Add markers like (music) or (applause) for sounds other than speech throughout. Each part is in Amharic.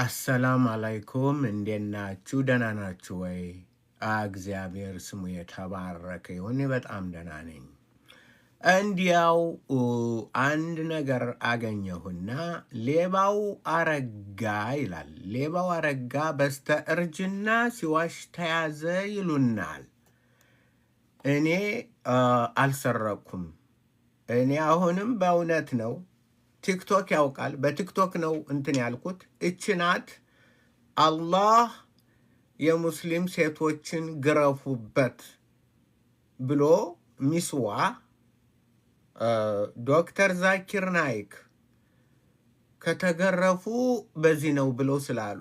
አሰላም አላይኩም እንዴት ናችሁ? ደህና ናችሁ ወይ? እግዚአብሔር ስሙ የተባረከ ይሁን። በጣም ደህና ነኝ። እንዲያው አንድ ነገር አገኘሁና ሌባው አረጋ ይላል። ሌባው አረጋ በስተ እርጅና ሲዋሽ ተያዘ ይሉናል። እኔ አልሰረኩም። እኔ አሁንም በእውነት ነው ቲክቶክ ያውቃል። በቲክቶክ ነው እንትን ያልኩት። እች ናት አላህ የሙስሊም ሴቶችን ግረፉበት ብሎ ሚስዋ ዶክተር ዛኪር ናይክ ከተገረፉ በዚህ ነው ብለው ስላሉ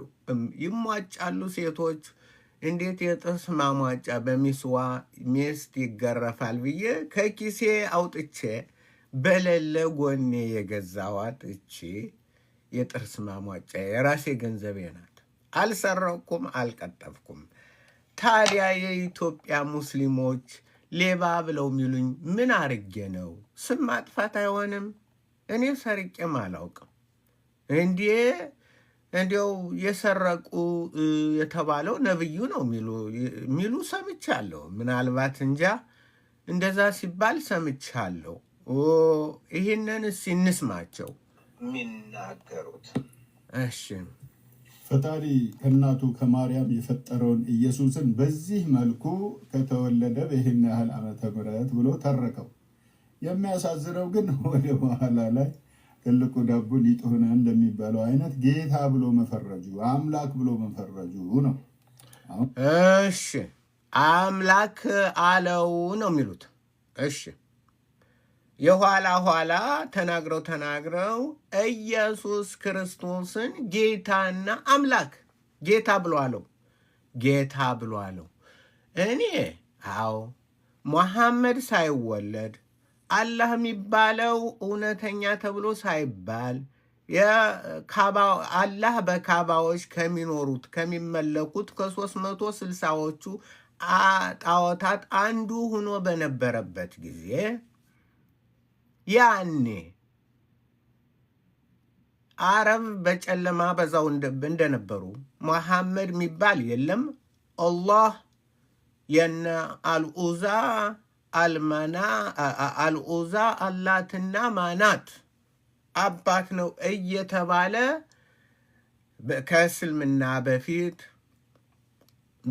ይሟጫሉ። ሴቶች እንዴት የጥርስ ማሟጫ በሚስዋ ሚስት ይገረፋል ብዬ ከኪሴ አውጥቼ በሌለ ጎኔ የገዛዋት እቺ የጥርስ ማሟጫ የራሴ ገንዘቤ ናት። አልሰረኩም፣ አልቀጠፍኩም። ታዲያ የኢትዮጵያ ሙስሊሞች ሌባ ብለው የሚሉኝ ምን አርጌ ነው? ስም ማጥፋት አይሆንም። እኔ ሰርቄም አላውቅም። እንዴ እንዲው የሰረቁ የተባለው ነብዩ ነው የሚሉ ሰምቻለሁ። ምናልባት እንጃ እንደዛ ሲባል ሰምቻለሁ። ይህንን ሲንስማቸው የሚናገሩት። እሺ ፈጣሪ ከእናቱ ከማርያም የፈጠረውን ኢየሱስን በዚህ መልኩ ከተወለደ በይህን ያህል ዓመተ ምሕረት ብሎ ተረከው። የሚያሳዝነው ግን ወደ በኋላ ላይ ትልቁ ዳቦ ሊጥ ሆነ እንደሚባለው አይነት ጌታ ብሎ መፈረጁ አምላክ ብሎ መፈረጁ ነው። እሺ አምላክ አለው ነው የሚሉት። እሺ የኋላ ኋላ ተናግረው ተናግረው ኢየሱስ ክርስቶስን ጌታና አምላክ ጌታ ብሎ አለው። ጌታ ብሎ አለው። እኔ አዎ መሐመድ ሳይወለድ አላህ የሚባለው እውነተኛ ተብሎ ሳይባል አላህ በካባዎች ከሚኖሩት ከሚመለኩት ከ መቶ ስልሳዎቹ ጣዖታት አንዱ ሆኖ በነበረበት ጊዜ ያኔ አረብ በጨለማ በዛው እንደነበሩ መሐመድ የሚባል የለም። አላህ የነ አልኡዛ አልማና አልኡዛ አላትና ማናት አባት ነው እየተባለ ከእስልምና በፊት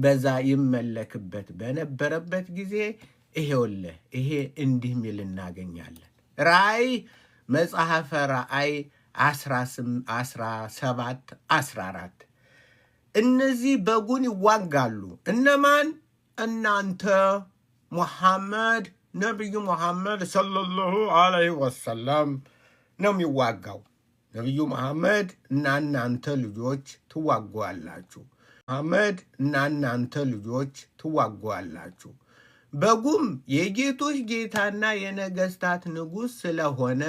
በዛ ይመለክበት በነበረበት ጊዜ ይሄውልህ ይሄ እንዲህ ሚል እናገኛለን። ራእይ መጽሐፈ ራእይ 17 14 እነዚህ በጉን ይዋጋሉ። እነማን? እናንተ ሙሐመድ ነቢዩ ሙሐመድ ሰለላሁ አለይሂ ወሰለም ነው የሚዋጋው። ነቢዩ መሐመድ እና እናንተ ልጆች ትዋጓላችሁ። መሐመድ እና እናንተ ልጆች ትዋጓላችሁ። በጉም የጌቶች ጌታና የነገስታት ንጉሥ ስለሆነ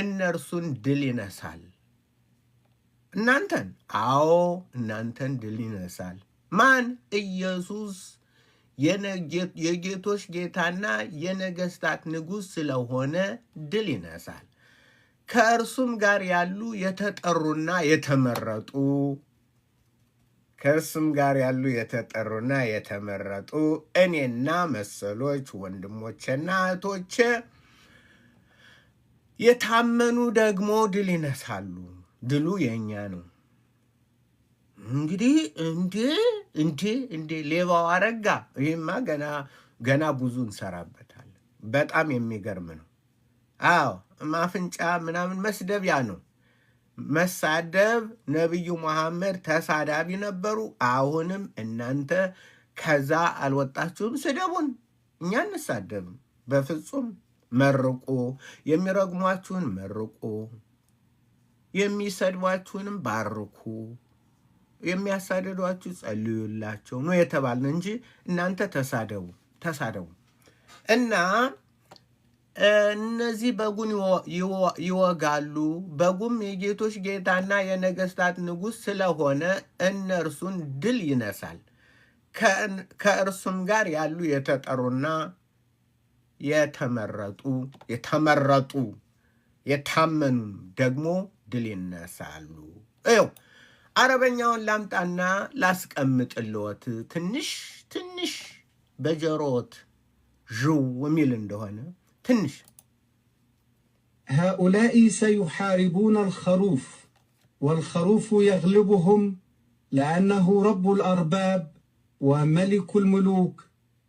እነርሱን ድል ይነሳል። እናንተን? አዎ እናንተን ድል ይነሳል። ማን? ኢየሱስ የጌቶች ጌታና የነገስታት ንጉሥ ስለሆነ ድል ይነሳል። ከእርሱም ጋር ያሉ የተጠሩና የተመረጡ ከእርሱም ጋር ያሉ የተጠሩና የተመረጡ እኔና መሰሎች ወንድሞቼና እህቶቼ የታመኑ ደግሞ ድል ይነሳሉ። ድሉ የእኛ ነው። እንግዲህ እንዴ እንዴ እንዴ ሌባው አረጋ። ይህማ ገና ገና ብዙ እንሰራበታለን። በጣም የሚገርም ነው። አዎ ማፍንጫ ምናምን መስደቢያ ነው። መሳደብ ነቢዩ መሐመድ ተሳዳቢ ነበሩ። አሁንም እናንተ ከዛ አልወጣችሁም። ስደቡን፣ እኛ እንሳደብም በፍጹም መርቁ። የሚረግሟችሁን መርቁ፣ የሚሰድቧችሁንም ባርኩ፣ የሚያሳደዷችሁ ጸልዩላቸው ነው የተባልን እንጂ እናንተ ተሳደቡ ተሳደቡ እና እነዚህ በጉን ይወጋሉ። በጉም የጌቶች ጌታና የነገስታት ንጉሥ ስለሆነ እነርሱን ድል ይነሳል። ከእርሱም ጋር ያሉ የተጠሩና የተመረጡ የተመረጡ የታመኑም ደግሞ ድል ይነሳሉ። ይኸው አረበኛውን ላምጣና ላስቀምጥልዎት ትንሽ ትንሽ በጆሮዎት ዥው የሚል እንደሆነ تنش هؤلاء سيحاربون الخروف والخروف يغلبهم لأنه رب الأرباب وملك الملوك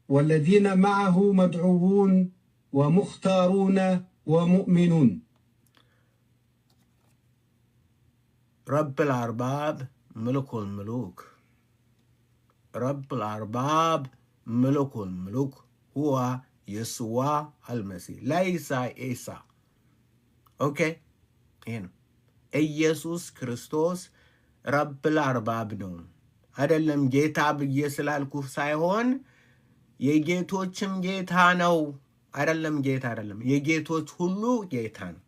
والذين معه مدعوون ومختارون ومؤمنون رب الأرباب ملك الملوك رب الأرباب ملك الملوك هو የስዋ አልመሲህ ላይሳ ኤሳ ኦኬ። ይሄ ነው ኢየሱስ ክርስቶስ ረብል አርባብ ነው። አይደለም ጌታ ብዬ ስላልኩ ሳይሆን የጌቶችም ጌታ ነው። አይደለም ጌታ አይደለም፣ የጌቶች ሁሉ ጌታ ነው።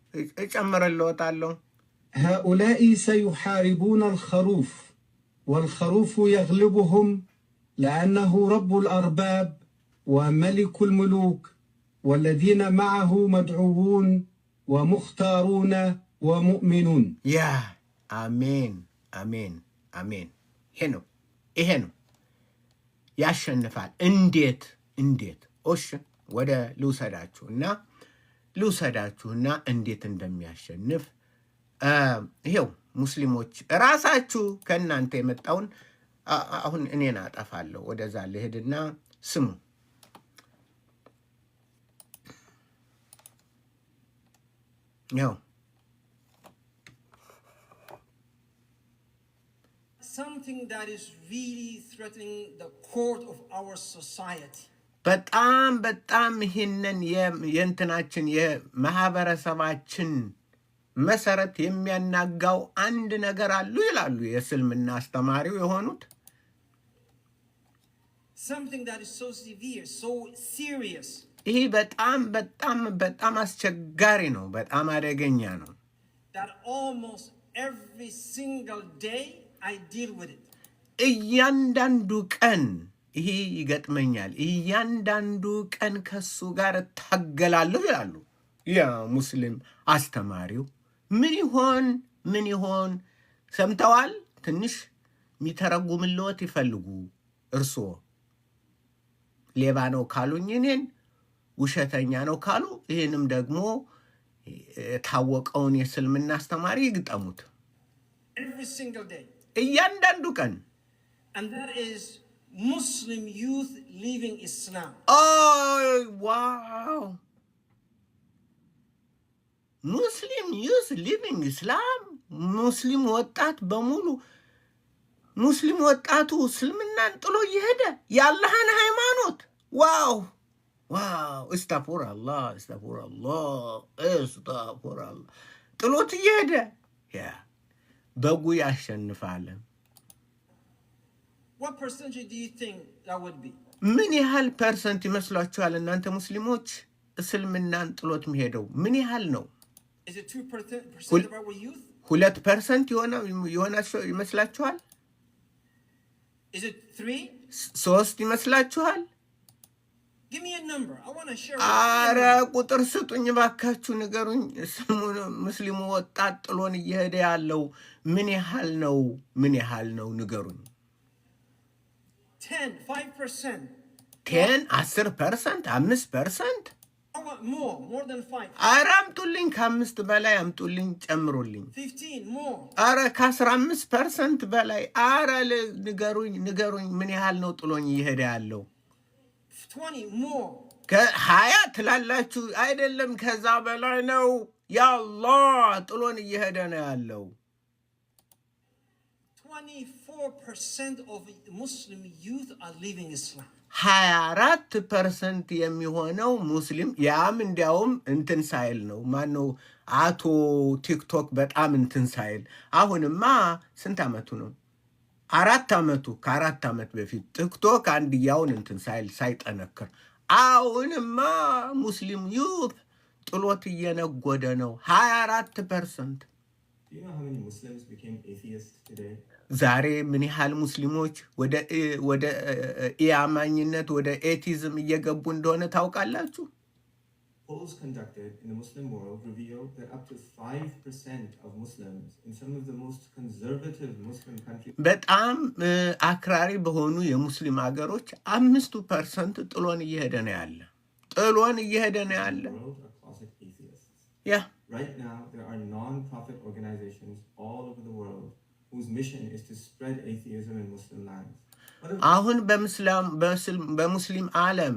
እጨምር ለወጣለሁ ሃኡላኢ ሰዩሓሪቡና አልኸሩፍ ወልኸሩፉ የግልቡሁም ለአነሁ ረቡል አርባብ وملك الملوك والذين معه مدعوون ومختارون ወሙእሚኑን ያ አሜን አሜን አሜን። ይሄ ነው ይሄ ነው ያሸንፋል። እንዴት እንዴት? እሺ ወደ ልውሰዳችሁና ልውሰዳችሁና እንዴት እንደሚያሸንፍ ይሄው ሙስሊሞች ራሳችሁ ከእናንተ የመጣውን አሁን እኔን አጠፋለሁ። ወደዛ ልሄድና ስሙ ያው በጣም በጣም ይህንን የእንትናችን የማህበረሰባችን መሰረት የሚያናጋው አንድ ነገር አሉ ይላሉ የእስልምና አስተማሪው የሆኑት። something that is so severe, so serious. ይሄ በጣም በጣም በጣም አስቸጋሪ ነው። በጣም አደገኛ ነው። እያንዳንዱ ቀን ይሄ ይገጥመኛል። እያንዳንዱ ቀን ከሱ ጋር እታገላለሁ ይላሉ የሙስሊም አስተማሪው። ምን ይሆን ምን ይሆን ሰምተዋል? ትንሽ የሚተረጉምልዎት ይፈልጉ እርስዎ። ሌባ ነው ካሉኝ እኔን ውሸተኛ ነው ካሉ ይህንም ደግሞ የታወቀውን የእስልምና አስተማሪ ይግጠሙት እያንዳንዱ ቀን ዋው ሙስሊም ዩዝ ሊቪንግ ኢስላም ሙስሊም ወጣት በሙሉ ሙስሊም ወጣቱ እስልምናን ጥሎ እየሄደ የአላህን ሃይማኖት ዋው ዋው እስተፉራላህ እስተፉራላህ እስተፉራላህ ጥሎት እየሄደ በጉ ያሸንፋል። ምን ያህል ፐርሰንት ይመስሏችኋል እናንተ ሙስሊሞች እስልምናን ጥሎት የሚሄደው ምን ያህል ነው? ሁለት ፐርሰንት የሆነ ይመስላችኋል? ሶስት ይመስላችኋል? አረ ቁጥር ስጡኝ ባካችሁ፣ ንገሩኝ። ስሙን ሙስሊሙ ወጣት ጥሎን እየሄደ ያለው ምን ያህል ነው? ምን ያህል ነው? ንገሩኝ። ቴን አስር ፐርሰንት፣ አምስት ፐርሰንት። አረ አምጡልኝ፣ ከአምስት በላይ አምጡልኝ፣ ጨምሩልኝ። አረ ከአስራ አምስት ፐርሰንት በላይ አረ ንገሩኝ፣ ንገሩኝ። ምን ያህል ነው ጥሎኝ እየሄደ ያለው? ከሀያ ትላላችሁ አይደለም፣ ከዛ በላይ ነው። ያአላህ ጥሎን እየሄደ ነው ያለው። ሀያ አራት ፐርሰንት የሚሆነው ሙስሊም ያም እንዲያውም እንትን ሳይል ነው ማነው አቶ ቲክቶክ በጣም እንትን ሳይል አሁንማ ስንት አመቱ ነው? አራት ዓመቱ ከአራት ዓመት በፊት ቲክቶክ አንድያውን እንትን ሳይል ሳይጠነክር አሁንማ ሙስሊም ዩት ጥሎት እየነጎደ ነው። ሀያ አራት ፐርሰንት ዛሬ ምን ያህል ሙስሊሞች ወደ ኢአማኝነት ወደ ኤቲዝም እየገቡ እንደሆነ ታውቃላችሁ? polls conducted in the Muslim world revealed that up to 5% of Muslims in some of the most conservative Muslim countries በጣም አክራሪ በሆኑ የሙስሊም ሀገሮች አምስቱ ፐርሰንት ጥሎን እየሄደ ነው ያለ ጥሎን እየሄደ ነው ያለ። ያ Right now, there are non-profit organizations all over the world whose mission is to spread atheism in Muslim lands. አሁን በሙስሊም በሙስሊም ዓለም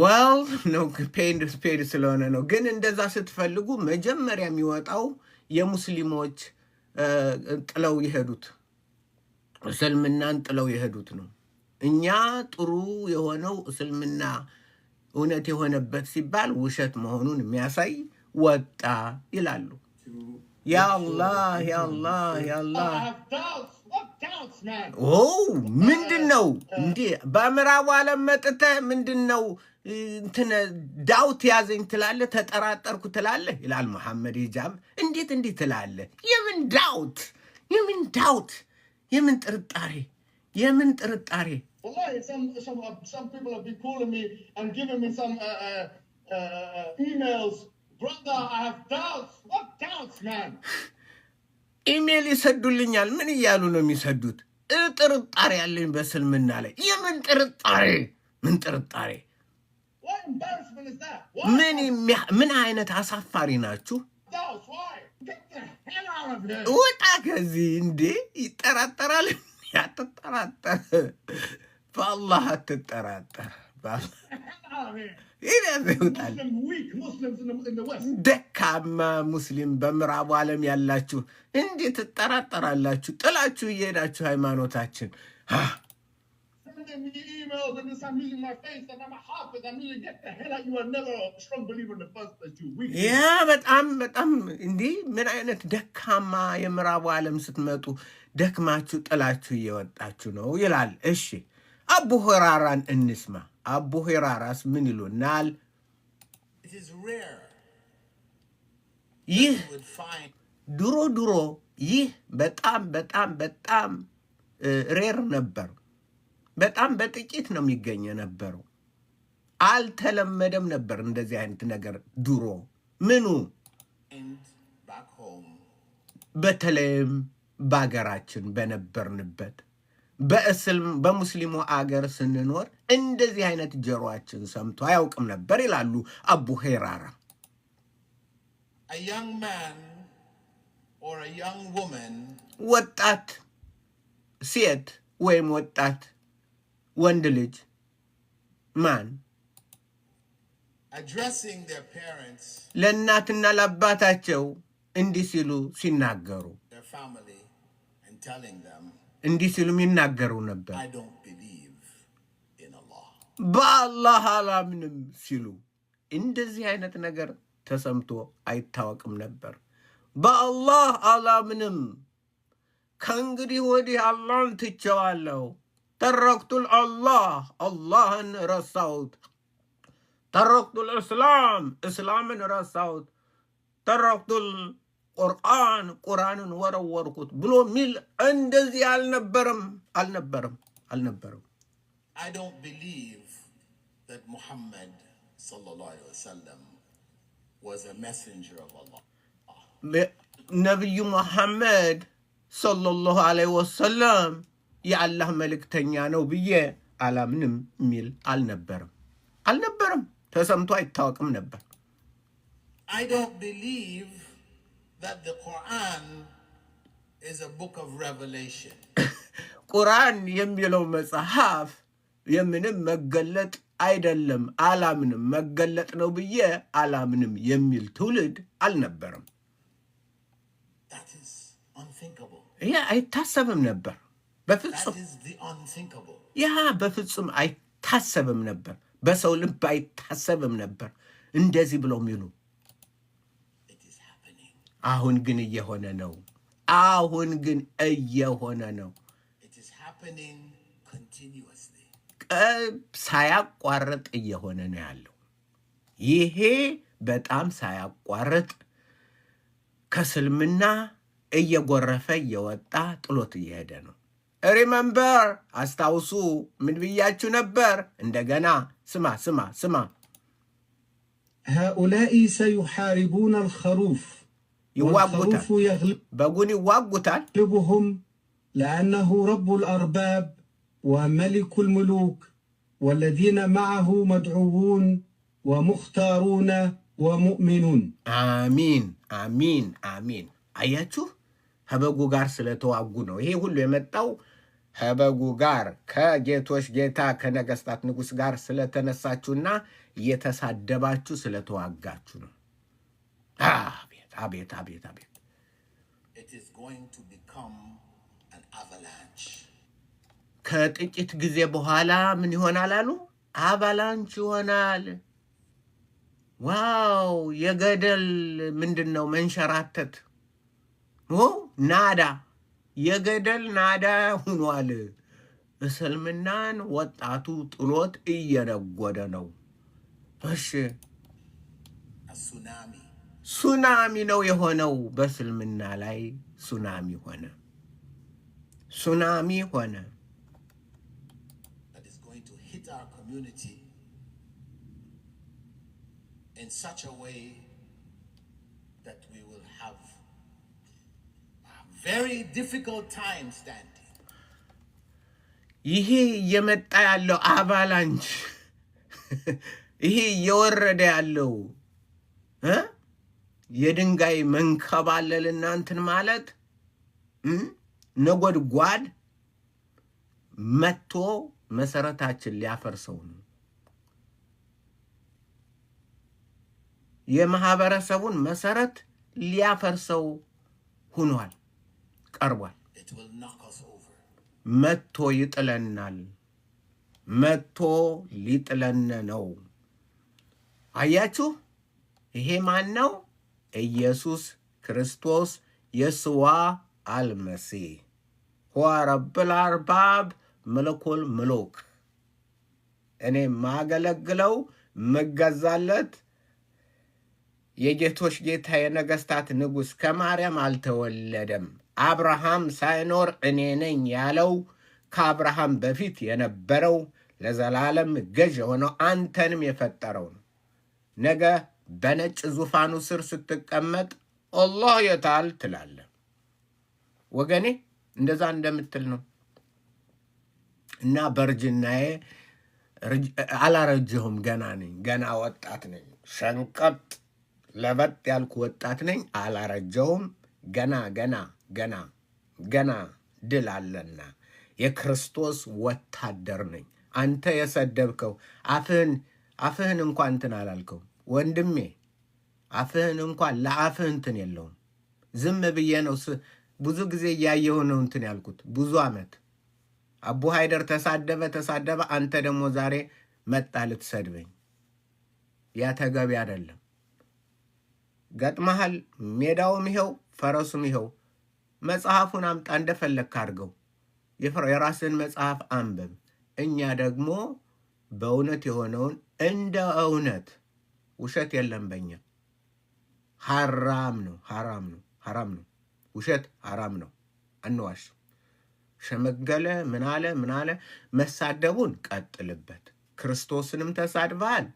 ዋው ነው ፔድ ስለሆነ ነው። ግን እንደዛ ስትፈልጉ መጀመሪያ የሚወጣው የሙስሊሞች ጥለው የሄዱት እስልምናን ጥለው የሄዱት ነው። እኛ ጥሩ የሆነው እስልምና እውነት የሆነበት ሲባል ውሸት መሆኑን የሚያሳይ ወጣ ይላሉ። ያላ። ያአላህ ያአላህ ኦ ምንድን ነው እንዴ? በምዕራቡ ዓለም መጥተህ ምንድን ነው እንትን ዳውት ያዘኝ ትላለህ፣ ተጠራጠርኩ ትላለህ ይላል መሐመድ ሂጃብ። እንዴት እንዲህ ትላለህ? የምን ዳውት የምን ዳውት የምን ጥርጣሬ የምን ጥርጣሬ uh, uh, uh, ኢሜይል ይሰዱልኛል። ምን እያሉ ነው የሚሰዱት? ጥርጣሬ ያለኝ በስልምና ላይ። የምን ጥርጣሬ? ምን ጥርጣሬ? ምን አይነት አሳፋሪ ናችሁ? ውጣ ከዚህ እንዴ! ይጠራጠራል። አትጠራጠር፣ በአላህ አትጠራጠር። ደካማ ሙስሊም በምዕራቡ ዓለም ያላችሁ እንዴት ትጠራጠራላችሁ? ጥላችሁ እየሄዳችሁ ሃይማኖታችን ያ በጣም በጣም እንዲህ ምን አይነት ደካማ የምዕራቡ ዓለም ስትመጡ ደክማችሁ ጥላችሁ እየወጣችሁ ነው ይላል። እሺ አቡ ሁራራን እንስማ። አቡ ሄራራስ ምን ይሉናል? ይህ ድሮ ድሮ ይህ በጣም በጣም በጣም ሬር ነበር። በጣም በጥቂት ነው የሚገኘ ነበረው አልተለመደም ነበር እንደዚህ አይነት ነገር ድሮ ምኑ በተለይም በሀገራችን በነበርንበት በሙስሊሙ አገር ስንኖር እንደዚህ አይነት ጆሮአችን ሰምቶ አያውቅም ነበር ይላሉ አቡ ሄራራ። ወጣት ሴት ወይም ወጣት ወንድ ልጅ ማን ለእናትና ለአባታቸው እንዲህ ሲሉ ሲናገሩ እንዲህ ሲሉም ይናገሩ ነበር። በአላህ አላምንም ሲሉ እንደዚህ አይነት ነገር ተሰምቶ አይታወቅም ነበር። በአላህ አላምንም፣ ከእንግዲህ ወዲህ አላህን ትቸዋለሁ። ተረክቱል አላህ አላህን ረሳሁት። ተረክቱል እስላም እስላምን ረሳሁት። ተረክቱል ቁርአን ቁርአንን ወረወርኩት ብሎ ሚል እንደዚህ አልነበረም አልነበረም አልነበረም። ነቢዩ ሙሐመድ ሰለላሁ ዐለይሂ ወሰለም የአላህ መልእክተኛ ነው ብዬ አላምንም ሚል አልነበረም አልነበረም። ተሰምቶ አይታወቅም ነበር። አይ that the Quran is a book of revelation. ቁርአን (laughs) የሚለው መጽሐፍ የምንም መገለጥ አይደለም አላምንም፣ መገለጥ ነው ብዬ አላምንም የሚል ትውልድ አልነበረም። ይህ አይታሰብም ነበር በፍጹም። ያ በፍጹም አይታሰብም ነበር፣ በሰው ልብ አይታሰብም ነበር እንደዚህ ብለው የሚሉ አሁን ግን እየሆነ ነው። አሁን ግን እየሆነ ነው። ሳያቋርጥ እየሆነ ነው ያለው። ይሄ በጣም ሳያቋርጥ ከስልምና እየጎረፈ እየወጣ ጥሎት እየሄደ ነው። ሪመምበር አስታውሱ፣ ምን ብያችሁ ነበር? እንደገና ስማ ስማ ስማ ሃኡላኢ ሰዩሓሪቡን አልኸሩፍ ይዋጉታል፣ በጉን ይዋጉታል። ልቡሁም ለአነሁ ረቡል አርባብ ወመሊኩል ልሙሉክ ወለዚነ ማዐሁ መድዑውን ወሙኽታሩነ ወሙእሚኑን። አሚን አሚን አሚን። አያችሁ ከበጉ ጋር ስለተዋጉ ነው ይሄ ሁሉ የመጣው። ከበጉ ጋር ከጌቶች ጌታ ከነገስታት ንጉሥ ጋር ስለተነሳችሁና እየተሳደባችሁ ስለተዋጋችሁ ነው። አቤት አቤት አቤት ከጥቂት ጊዜ በኋላ ምን ይሆናል አሉ? አቫላንች ይሆናል። ዋው! የገደል ምንድን ነው መንሸራተት፣ ናዳ፣ የገደል ናዳ ሁኗል። እስልምናን ወጣቱ ጥሎት እየነጎደ ነው። እሺ ሱናሚ ሱናሚ ነው የሆነው። በእስልምና ላይ ሱናሚ ሆነ፣ ሱናሚ ሆነ። ይሄ እየመጣ ያለው አቫላንች፣ ይሄ እየወረደ ያለው የድንጋይ መንከባለል እናንትን ማለት ነጎድጓድ መጥቶ መሰረታችን ሊያፈርሰው ነው። የማህበረሰቡን መሰረት ሊያፈርሰው ሁኗል፣ ቀርቧል። መጥቶ ይጥለናል። መጥቶ ሊጥለን ነው። አያችሁ፣ ይሄ ማን ነው? ኢየሱስ ክርስቶስ የስዋ አልመሲ ሆዋ ረብል አርባብ እኔ ማገለግለው ምገዛለት የጌቶች ጌታ የነገስታት ንጉሥ ከማርያም አልተወለደም። አብርሃም ሳይኖር እኔ ነኝ ያለው ከአብርሃም በፊት የነበረው ለዘላለም ገዥ የሆነው አንተንም የፈጠረው ነው ነገ በነጭ ዙፋኑ ስር ስትቀመጥ አላህ የታል ትላለ ወገኔ እንደዛ እንደምትል ነው። እና በእርጅናዬ አላረጀሁም፣ ገና ነኝ፣ ገና ወጣት ነኝ። ሸንቀጥ ለበጥ ያልኩ ወጣት ነኝ፣ አላረጀሁም። ገና ገና ገና ገና ድል አለና የክርስቶስ ወታደር ነኝ። አንተ የሰደብከው አፍህን አፍህን እንኳ እንትን አላልከው ወንድሜ አፍህን እንኳን ለአፍህ እንትን የለውም። ዝም ብዬ ነው ብዙ ጊዜ እያየሁ ነው እንትን ያልኩት ብዙ ዓመት። አቡ ሃይደር ተሳደበ ተሳደበ፣ አንተ ደግሞ ዛሬ መጣ ልትሰድበኝ። ያ ተገቢ አይደለም። ገጥመሃል። ሜዳውም ይኸው ፈረሱም ይኸው። መጽሐፉን አምጣ እንደፈለግክ አድርገው። የራስን መጽሐፍ አንብብ። እኛ ደግሞ በእውነት የሆነውን እንደ እውነት ውሸት የለም በኛ ሐራም ነው ሐራም ነው ሐራም ነው ውሸት ሐራም ነው አንዋሽ ሸመገለ ምናለ ምናለ መሳደቡን ቀጥልበት ክርስቶስንም ተሳድበሃል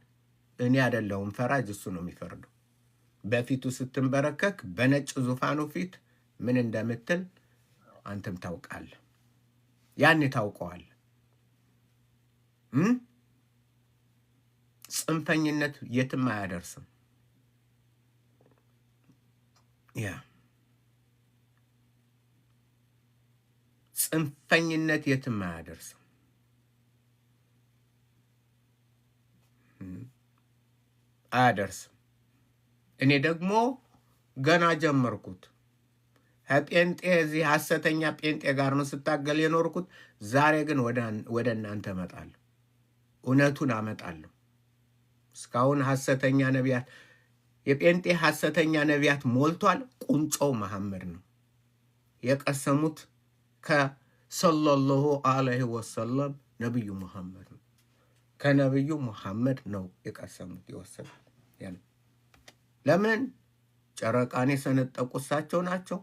እኔ አይደለሁም ፈራጅ እሱ ነው የሚፈርደው በፊቱ ስትንበረከክ በነጭ ዙፋኑ ፊት ምን እንደምትል አንተም ታውቃለህ ያኔ ታውቀዋለህ ጽንፈኝነት የትም አያደርስም። ያ ጽንፈኝነት የትም አያደርስም። አያደርስም። እኔ ደግሞ ገና ጀመርኩት። ከጴንጤ እዚህ ሐሰተኛ ጴንጤ ጋር ነው ስታገል የኖርኩት። ዛሬ ግን ወደ እናንተ እመጣለሁ፣ እውነቱን አመጣለሁ። እስካሁን ሐሰተኛ ነቢያት የጴንጤ ሐሰተኛ ነቢያት ሞልቷል። ቁንጮው መሐመድ ነው የቀሰሙት ከሰለላሁ አለይሂ ወሰለም ነቢዩ መሐመድ ነው ከነቢዩ መሐመድ ነው የቀሰሙት የወሰዱት። ለምን ጨረቃን የሰነጠቁ እሳቸው ናቸው።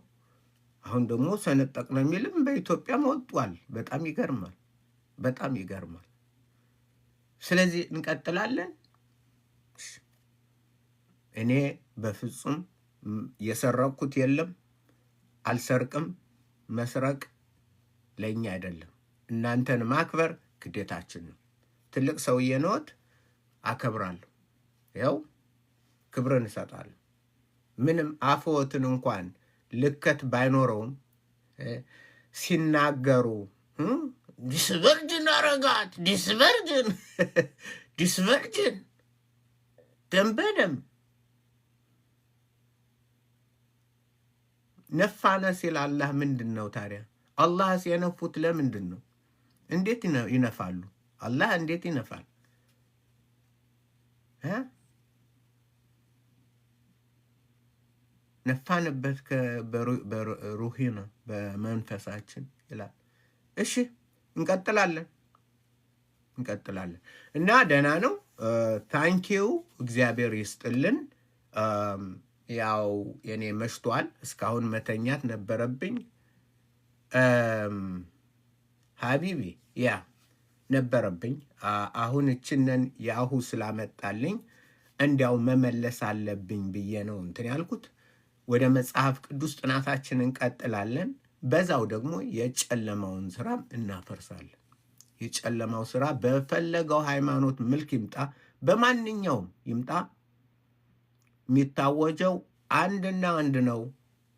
አሁን ደግሞ ሰነጠቅ ነው የሚልም በኢትዮጵያ ወጧል። በጣም ይገርማል፣ በጣም ይገርማል። ስለዚህ እንቀጥላለን። እኔ በፍጹም የሰረቅኩት የለም፣ አልሰርቅም። መስረቅ ለእኛ አይደለም። እናንተን ማክበር ግዴታችን ነው። ትልቅ ሰውዬ ነዎት፣ አከብራለሁ። ያው ክብርን እሰጣለሁ። ምንም አፍዎትን እንኳን ልከት ባይኖረውም ሲናገሩ ዲስቨርጅን አረጋት ዲስቨርጅን (laughs) ዲስቨርጅን ደንበደንብ ነፋነ ሲል አላህ ምንድን ነው ታዲያ? አላህስ የነፉት ለምንድን ነው? እንዴት ይነፋሉ? አላህ እንዴት ይነፋል? ነፋንበት በሩሂና በመንፈሳችን ይላል። እሺ እንቀጥላለን እንቀጥላለን እና ደህና ነው። ታንኪው እግዚአብሔር ይስጥልን። ያው የኔ መሽቷል። እስካሁን መተኛት ነበረብኝ ሀቢቢ ያ ነበረብኝ። አሁን እችነን ያሁ ስላመጣልኝ እንዲያው መመለስ አለብኝ ብዬ ነው እንትን ያልኩት። ወደ መጽሐፍ ቅዱስ ጥናታችን እንቀጥላለን። በዛው ደግሞ የጨለማውን ስራም እናፈርሳለን። የጨለማው ስራ በፈለገው ሃይማኖት መልክ ይምጣ፣ በማንኛውም ይምጣ የሚታወጀው አንድና አንድ ነው፣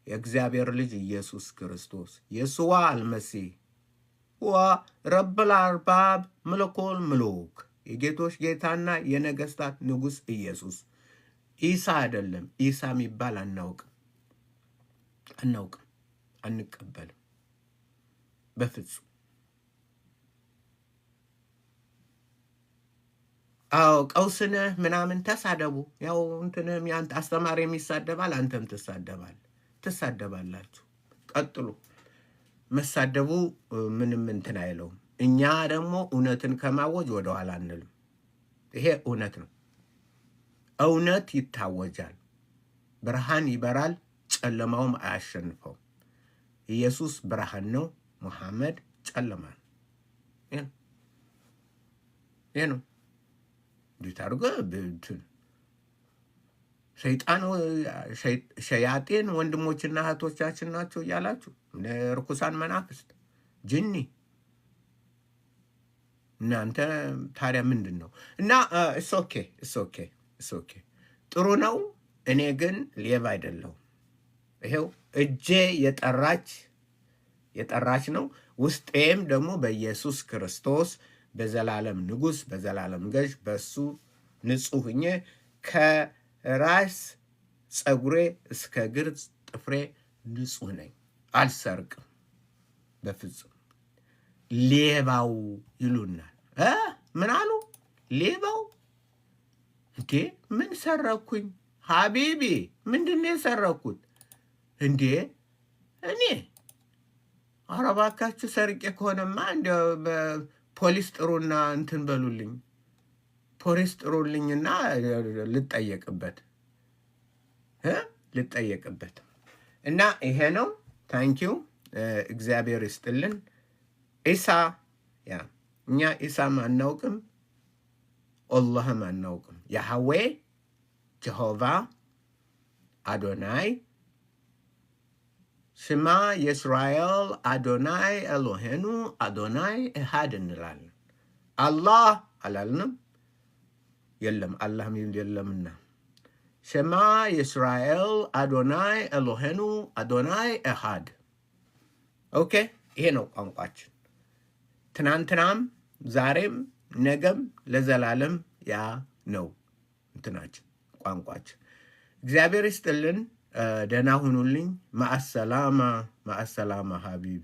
የእግዚአብሔር ልጅ ኢየሱስ ክርስቶስ የሱዋ አልመሲህ ዋ ረብል አርባብ ምልኮል ምልክ የጌቶች ጌታና የነገስታት ንጉሥ ኢየሱስ ኢሳ አይደለም። ኢሳ የሚባል አናውቅም፣ አናውቅም፣ አንቀበልም በፍጹም። አዎ ቀውስንህ ምናምን ተሳደቡ። ያው ያንተ አስተማሪም ይሳደባል፣ አንተም ትሳደባል ትሳደባላችሁ። ቀጥሉ። መሳደቡ ምንም እንትን አይለውም። እኛ ደግሞ እውነትን ከማወጅ ወደኋላ አንልም። ይሄ እውነት ነው። እውነት ይታወጃል። ብርሃን ይበራል፣ ጨለማውም አያሸንፈው። ኢየሱስ ብርሃን ነው፣ መሐመድ ጨለማ ነው። ይሄ ነው። እንዴት አድርጎ ሰይጣን ሸያጤን ወንድሞችና እህቶቻችን ናቸው እያላችሁ ርኩሳን መናፍስት ጅኒ እናንተ ታዲያ ምንድን ነው? እና እሶኬ እሶኬ እሶኬ ጥሩ ነው። እኔ ግን ሌባ አይደለሁም። ይሄው እጄ የጠራች የጠራች ነው ውስጤም ደግሞ በኢየሱስ ክርስቶስ በዘላለም ንጉስ በዘላለም ገዥ በሱ ንጹህ ሆኜ ከራስ ፀጉሬ እስከ እግር ጥፍሬ ንጹህ ነኝ። አልሰርቅም በፍጹም። ሌባው ይሉናል። ምን አሉ? ሌባው እንዴ ምን ሰረኩኝ? ሀቢቢ ምንድን ነው የሰረኩት? እንዴ እኔ አረባካችሁ ሰርቄ ከሆነማ እንደ ፖሊስ ጥሩና እንትን በሉልኝ፣ ፖሊስ ጥሩልኝና ልጠየቅበት ልጠየቅበት እና ይሄ ነው። ታንኪው እግዚአብሔር ይስጥልን። ኢሳ ያ እኛ ኢሳም አናውቅም፣ አላህም አናውቅም። ያህዌ ጀሆቫ አዶናይ ስማ የእስራኤል አዶናይ ኤሎሄኑ አዶናይ እሃድ እንላለን። አላህ አላልንም የለም አላህም የለምና ስማ የእስራኤል አዶናይ ኤሎሄኑ አዶናይ እሃድ። ኦኬ ይሄ ነው ቋንቋችን። ትናንትናም ዛሬም ነገም ለዘላለም ያ ነው እንትናችን ቋንቋችን። እግዚአብሔር ይስጥልን። ደህና ሁኑልኝ። ማአሰላማ ማአሰላማ ሀቢቢ